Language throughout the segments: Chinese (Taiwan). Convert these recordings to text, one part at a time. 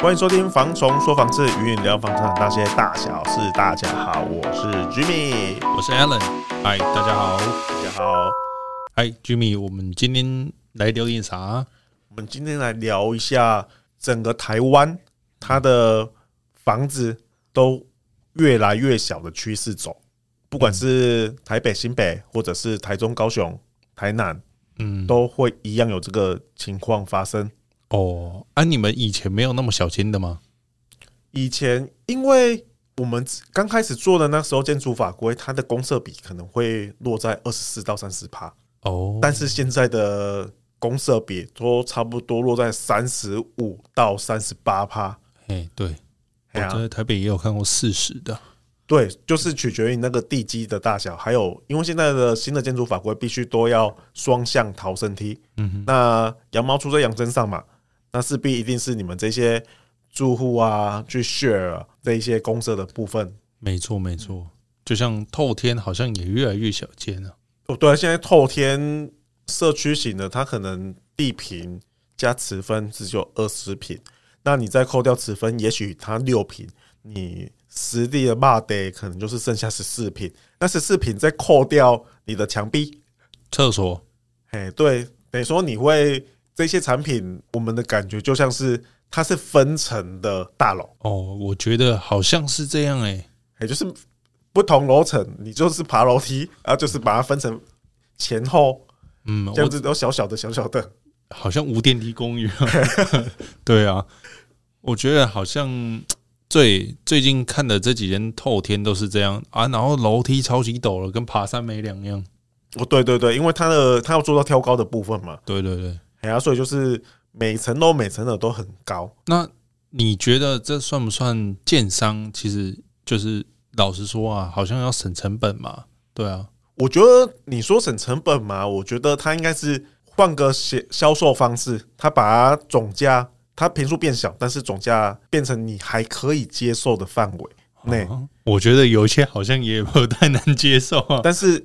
歡迎收聽《房蟲說房事》，與您聊房產那些大小事。大家好，我是 Jimmy，我是 Alan。嗨，大家好，大家好。嗨，Jimmy，我們今天來聊點啥？我們今天來聊一下整個台灣，它的房子都越來越小的趨勢走，不管是台北、新北，或者是台中、高雄、台南，嗯，都會一樣有這個情況發生。哦，oh, 啊，你們以前沒有那麼小心的嗎？以前因為我們剛開始做的那時候，建築法規它的公設比可能會落在二十四到三十趴哦，oh，但是現在的公設比都差不多落在三十五到三十八趴。Hey, 對，我、啊、在台北也有看過四十的，對，就是取決於你那個地基的大小，還有因為現在的新的建築法規必須都要雙向逃生梯。嗯哼，那羊毛出在羊身上嘛。那勢必一定是你們這些住戶啊，去 share、啊、這一些公設的部分。沒錯，沒錯。就像透天，好像也越來越小間了、啊。哦，對、啊，現在透天社區型的，它可能地坪加持分是只有二十坪，那你再扣掉持分，也許它六坪，你實地的罵得可能就是剩下十四坪，那十四坪再扣掉你的牆壁、廁所，哎，對，等於說你會。這些產品，我們的感覺就像是它是分層的大樓哦。我覺得好像是這樣哎，也就是不同樓層，你就是爬樓梯啊，就是把它分成前後，嗯，這樣子都小小的小小的，嗯，好像無電梯公寓、啊。 對啊，我覺得好像最最近看的這幾天，透天都是這樣啊。然後樓梯超級陡了，跟爬山沒兩樣。哦，對對對，因為它的它要做到挑高的部分嘛。對對對。所以就是每層樓每層樓都很高。那你覺得這算不算建商？其實就是老實說啊，好像要省成本嘛。對啊，我覺得你說省成本嘛，我覺得他應該是換個銷銷售方式，他把它總價，他坪數變小，但是總價變成你還可以接受的範圍內。我覺得有一些好像也沒有太難接受啊，但是。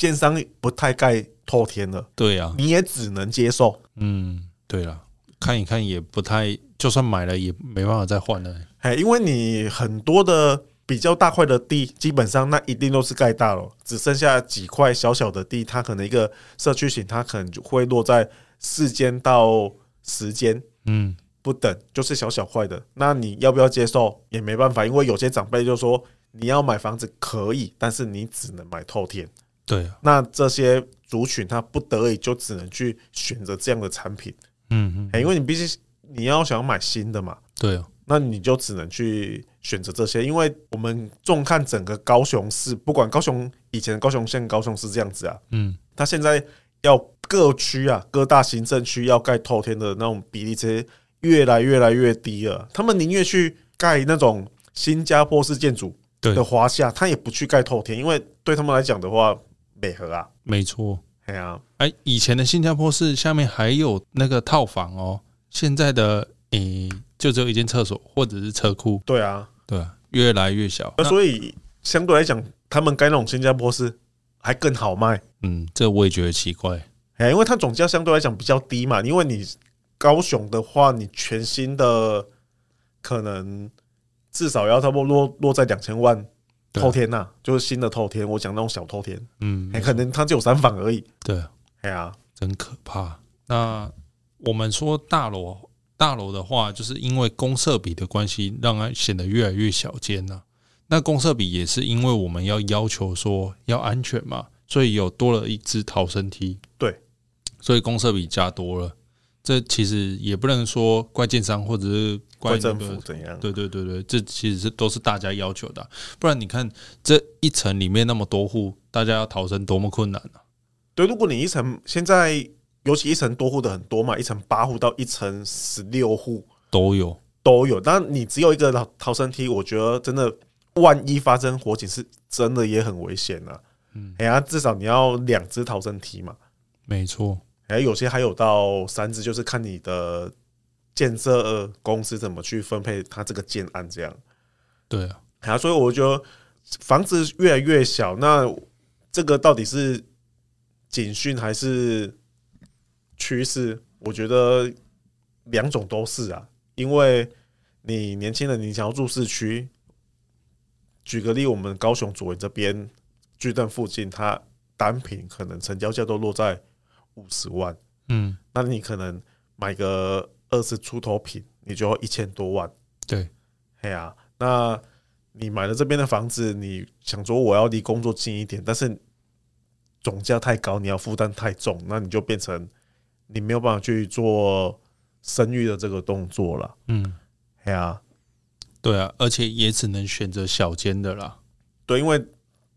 建商不太蓋透天了，對呀，你也只能接受。嗯，對了，看一看也不太，就算買了也沒辦法再換了、欸嗯。誒，因為你很多的比較大塊的地，基本上那一定都是蓋大樓，只剩下幾塊小小的地，它可能一個社區型，它可能就會落在四間到十間，嗯，不等，就是小小塊的。那你要不要接受？也沒辦法，因為有些長輩就說你要買房子可以，但是你只能買透天。對、哦，那這些族群他不得已就只能去選擇這樣的產品，嗯，嗯，因為你畢竟你要想要買新的嘛，對啊、哦，那你就只能去選擇這些。因為我們縱看整個高雄市，不管高雄以前高雄縣高雄市這樣子啊，嗯，他現在要各區啊各大行政區要蓋透天的那種比例，這些越來越來越低了。他們寧願去蓋那種新加坡式建築的華廈，他也不去蓋透天，因為對他們來講的話。北河啊，沒錯錯，對啊、欸，哎，以前的新加坡式下面還有那個套房哦，現在的誒、嗯、就只有一間廁所或者是車庫，對啊，對啊，越來越小，那啊、所以相對來講，他們蓋那種新加坡式還更好賣，嗯，這個、我也覺得奇怪，哎、欸，因為它總價相對來講比較低嘛，因為你高雄的話，你全新的可能至少要差不多落落在兩千萬。透對天吶、啊，就是新的透天，我講那種小透天，嗯、欸，可能它只有三房而已。對，哎呀、啊，真可怕。那我們說大樓大樓的話，就是因為公設比的關係，讓它顯得越來越小間吶、啊。那公設比也是因為我們要要求說要安全嘛，所以有多了一只逃生梯。對，所以公設比加多了。這其實也不能說怪建商，或者是怪政府怎樣。對對對對，對，這其實是都是大家要求的、啊。不然你看這一層裡面那麼多戶，大家要逃生多麼困難、啊、對，如果你一層現在尤其一層多戶的很多嘛，一層八戶到一層十六戶都有都有。但你只有一個逃逃生梯，我覺得真的萬一發生火警，是真的也很危險啊。嗯，哎呀、欸，至少你要兩只逃生梯嘛。沒錯。還、啊、有些還有到三支，就是看你的建設公司怎麼去分配它這個建案，這樣對啊、啊。所以我覺得房子越來越小，那這個到底是警訊還是趨勢？我覺得兩種都是啊，因為你年輕人，你想要住市區，舉個例，我們高雄左營這邊巨蛋附近，它單品可能成交價都落在。五十萬，嗯，那你可能買個二十出頭坪，你就要一千多萬，對，哎呀、啊，那你買了這邊的房子，你想說我要離工作近一點，但是總價太高，你要負擔太重，那你就變成你沒有辦法去做生育的這個動作了，嗯，哎呀、啊，對啊，而且也只能選擇小間的啦。對，因為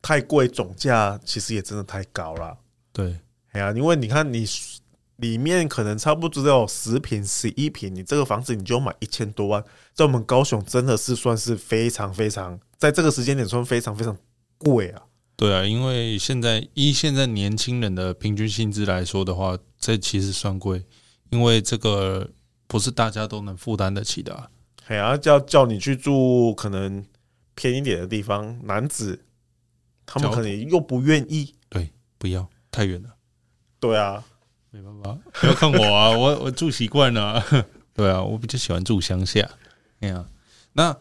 太貴，總價其實也真的太高了，對。哎呀，因為你看你裡面可能差不多只有十平、十一平，你這個房子你就買一千多萬，在我們高雄真的是算是非常非常，在這個時間點算非常非常貴啊！對啊，因為現在依現在年輕人的平均薪資來說的話，這其實算貴，因為這個不是大家都能負擔得起的。哎呀，叫叫你去住可能便宜一點的地方，男子他們可能又不願意，對，不要太遠了。對啊，沒辦法，不要看我啊， 我我住習慣了、啊。對啊，我比較喜歡住鄉下。哎、啊、那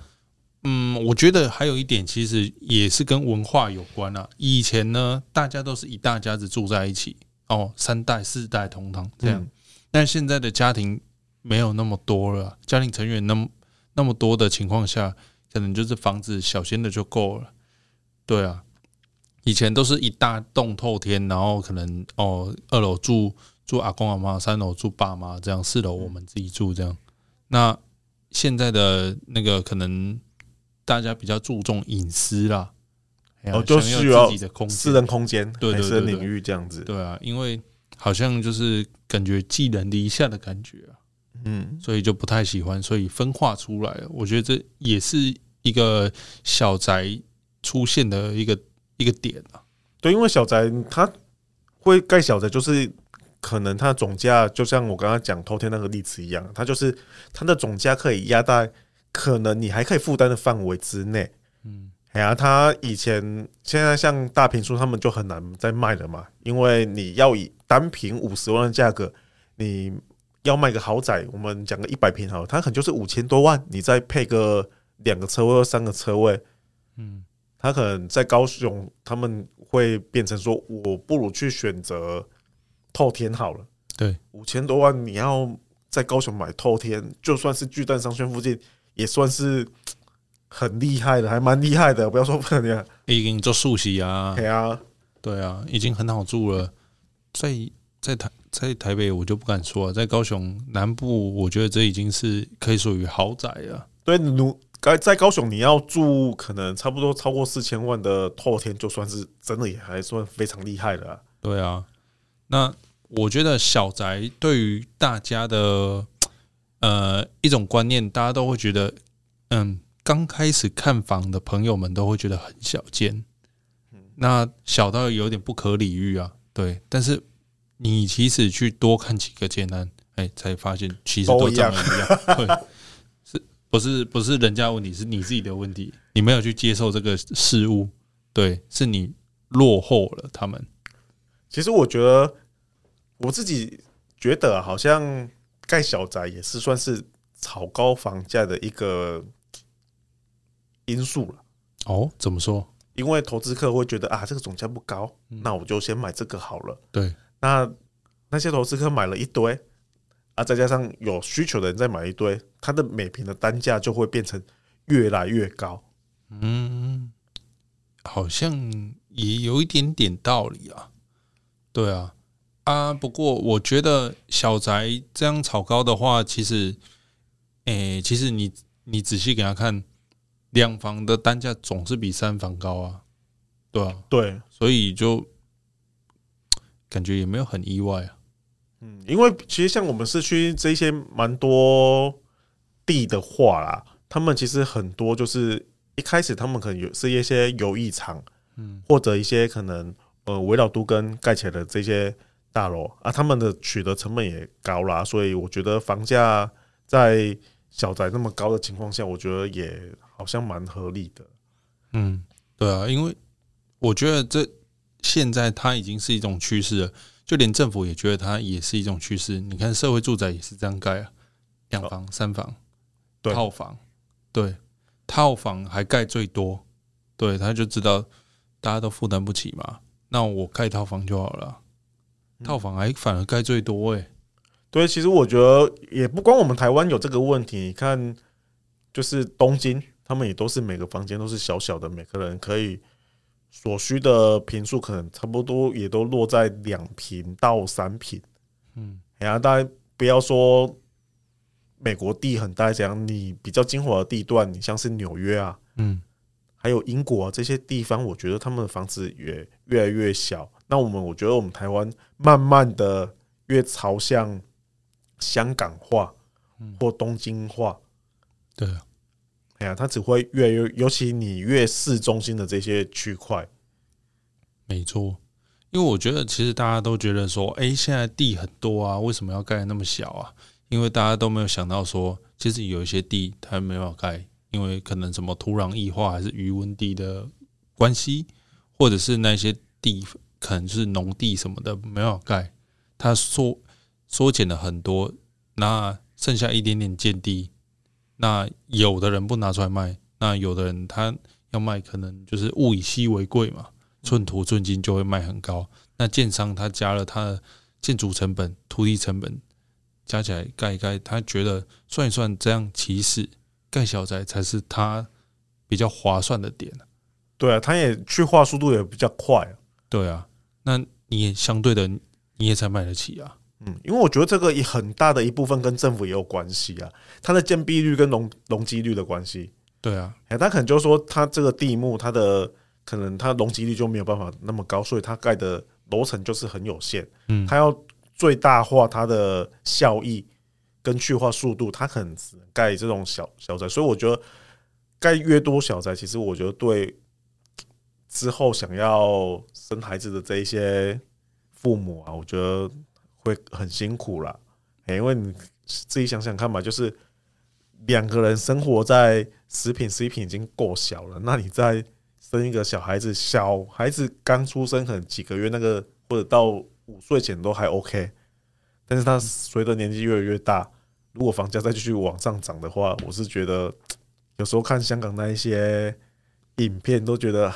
嗯，我覺得還有一點，其實也是跟文化有關啊。以前呢，大家都是一大家子住在一起，哦，三代四代同堂這樣。嗯、但現在的家庭沒有那麼多了，家庭成員那麼那麼多的情況下，可能就是房子小些的就夠了。對啊。以前都是一大棟透天，然後可能哦，二樓住住阿公阿媽，三樓住爸媽，這樣四樓我們自己住這樣。那現在的那個可能大家比較注重隱私啦，哦，就需要自己的空私人空間，對私人領域這樣子，對對對對，對啊，因為好像就是感覺寄人籬下的感覺啊，嗯，所以就不太喜歡，所以分化出來，我覺得這也是一個小宅出現的一個。一個點啊，對，因為小宅它會蓋小宅，就是可能它的總價就像我剛剛講偷天那個例子一樣，它就是它的總價可以壓在可能你還可以負擔的範圍之內。嗯，哎呀、啊，它以前現在像大坪數他們就很難再賣了嘛，因為你要以單坪五十萬的價格，你要賣個豪宅，我們講個一百坪好，它可能就是五千多萬，你再配個兩個車位或三個車位，嗯。他可能在高雄，他們會變成說，我不如去選擇透天好了。對，五千多萬你要在高雄買透天，就算是巨蛋商圈附近，也算是很厲害的，還蠻厲害的。不要說不能，已經做熟悉啊，對啊，對啊，已經很好住了。在在台在台北，我就不敢說啊，在高雄南部，我覺得這已經是可以屬於豪宅了。對，如。在高雄，你要住可能差不多超過四千萬的透天，就算是真的也還算非常厲害的，啊。對啊，那我覺得小宅對於大家的呃一種觀念，大家都會覺得，嗯，剛開始看房的朋友們都會覺得很小間，嗯、那小到有點不可理喻啊。對，但是你其實去多看幾個建案，哎、欸，才發現其實都這樣一樣。不是不是人家問題，是你自己的問題。你沒有去接受這個事物，對，是你落後了他們。其實我覺得，我自己覺得好像蓋小宅也是算是炒高房價的一個因素了。哦，怎麼說？因為投資客會覺得啊，這個總價不高，那我就先買這個好了。對，那那些投資客買了一堆。啊，再加上有需求的人再買一堆，它的每平的單價就會變成越來越高。嗯，好像也有一點點道理啊。對啊，啊，不過我覺得小宅這樣炒高的話，其實，誒，其實你你仔細給他看，兩房的單價總是比三房高啊，對啊，對，所以就感覺也沒有很意外啊。嗯，因為其實像我們市區這些蠻多地的話啦，他們其實很多就是一開始他們可能有是一些遊藝場，嗯，或者一些可能呃圍繞都跟蓋起來的這些大樓啊，他們的取得成本也高啦，所以我覺得房價在小宅那麼高的情況下，我覺得也好像蠻合理的。嗯，對啊，因為我覺得這現在它已經是一種趨勢了。就連政府也覺得它也是一種趨勢。你看社會住宅也是這樣蓋啊，兩房、三房、哦、對套房，對，套房還蓋最多。對，他就知道大家都負擔不起嘛，那我蓋套房就好了。套房還反而蓋最多哎、欸。對，其實我覺得也不光我們台灣有這個問題。你看，就是東京，他們也都是每個房間都是小小的，每個人可以。所需的坪數可能差不多，也都落在兩坪到三坪，嗯嗯哎。嗯，然後大家不要說美國地很大，這樣。你比較精華的地段，你像是紐約啊，嗯，還有英國啊，這些地方，我覺得他們的房子也越來越小。那我們，我覺得我們台灣慢慢的越朝向香港化或東京化。嗯、對。它只會越越，尤其你越市中心的這些區塊，沒錯。因為我覺得，其實大家都覺得說，哎、欸，現在地很多啊，為什麼要蓋那麼小啊？因為大家都沒有想到說，其實有一些地它沒有蓋，因為可能什麼土壤液化，還是魚塭地的關係，或者是那些地可能就是農地什麼的沒有蓋，它縮縮減了很多，那剩下一點點建地。那有的人不拿出來賣，那有的人他要賣，可能就是物以稀為貴嘛，寸土寸金就會賣很高。那建商他加了他的建築成本、土地成本，加起來蓋一蓋，他覺得算一算這樣，其實蓋小宅才是他比較划算的點。對啊，他也去化速度也比較快。對啊，那你也相對的你也才買得起啊。嗯，因為我覺得這個也很大的一部分跟政府也有關係啊，它的建蔽率跟容容積率的關係。對啊，哎、啊，他可能就是說，他這個地目，它的可能它容積率就沒有辦法那麼高，所以它蓋的樓層就是很有限。嗯，它要最大化它的效益跟去化速度，它可能只能蓋這種小小宅。所以我覺得蓋越多小宅，其實我覺得對之後想要生孩子的這一些父母啊，我覺得。會很辛苦啦、欸，因為你自己想想看嘛，就是兩個人生活在十坪，十坪已經夠小了，那你再生一個小孩子，小孩子剛出生可能幾個月，那個或者到五歲前都還 OK，但是他隨着年紀越來越大，如果房價再繼續往上漲的話，我是覺得有時候看香港那一些影片，都覺得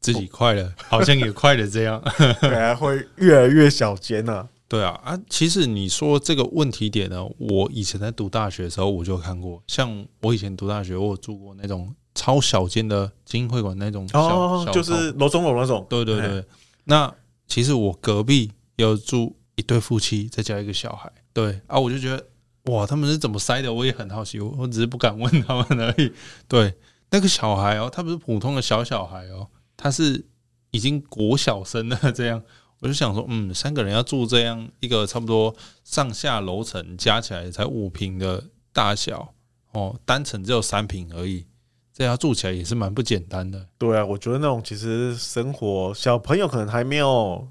自己快了，好像也快了這樣， 對啊，會越來越小間了。對啊，啊！其實你說這個問題點呢，我以前在讀大學的時候，我就看過，像我以前讀大學，我有住過那種超小間的精英會館那種小，哦，就是樓中樓那種。對對對。嘿那其實我隔壁有住一對夫妻，再加一個小孩。對啊，我就覺得哇，他們是怎麼塞的？我也很好奇，我只是不敢問他們而已。對，那個小孩哦，他不是普通的小小孩哦，他是已經國小生了這樣。我就想說，嗯，三個人要住這樣一個差不多上下樓層加起來才五坪的大小哦，單層只有三坪而已，這樣住起來也是蠻不簡單的。對啊，我覺得那種其實生活小朋友可能還沒有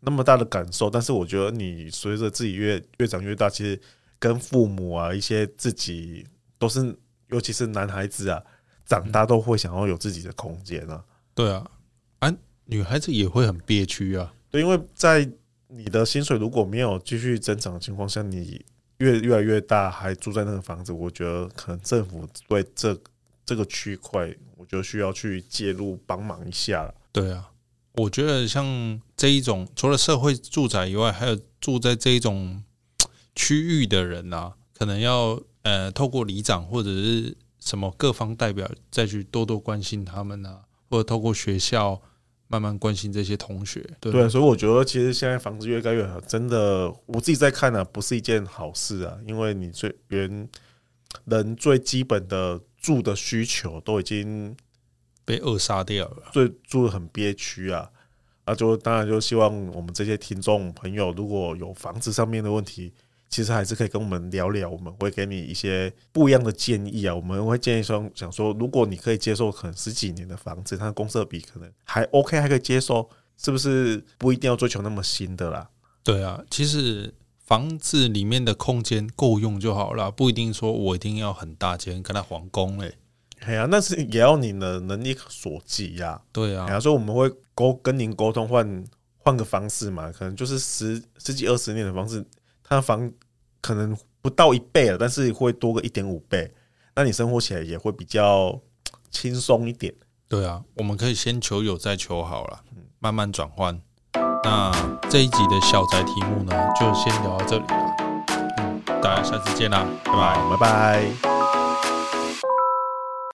那麼大的感受，但是我覺得你隨着自己越越長越大，其實跟父母啊一些自己都是，尤其是男孩子啊，長大都會想要有自己的空間啊。對啊，啊，女孩子也會很憋屈啊。對，因為在你的薪水如果沒有繼續增長的情況下，你越越來越大，還住在那個房子，我覺得可能政府對這這個區塊，我就需要去介入幫忙一下了。對啊，我覺得像這一種，除了社會住宅以外，還有住在這一種區域的人啊，可能要呃透過里長或者是什麼各方代表再去多多關心他們啊，或者透過學校，慢慢關心這些同學，對，對，所以我覺得其實現在房子越蓋越好，真的，我自己在看呢、啊，不是一件好事啊，因為你最原人最基本的住的需求都已經被扼殺掉了，最住得很憋屈啊，那、啊、就當然就希望我們這些聽眾朋友，如果有房子上面的問題。其實還是可以跟我們聊聊，我們會給你一些不一樣的建議啊。我們會建議說，想說如果你可以接受可能十幾年的房子，它的公設比可能還 OK，還可以接受，是不是不一定要追求那麼新的啦對啊，其實房子裡面的空間夠用就好啦，不一定說我一定要很大間，跟那皇宮誒。哎呀、啊，那是也要你的能力所及呀，啊。對啊，假如說我們會溝跟您溝通換換個方式嘛，可能就是十十幾二十年的方式。那房可能不到一倍了，但是會多個一點五倍，那你生活起來也會比較輕鬆一點。對啊，我們可以先求有再求好了，慢慢轉換。嗯，那這一集的小宅題目呢，就先聊到這裡了。嗯，大家下次見啦，拜拜。好拜拜。拜拜。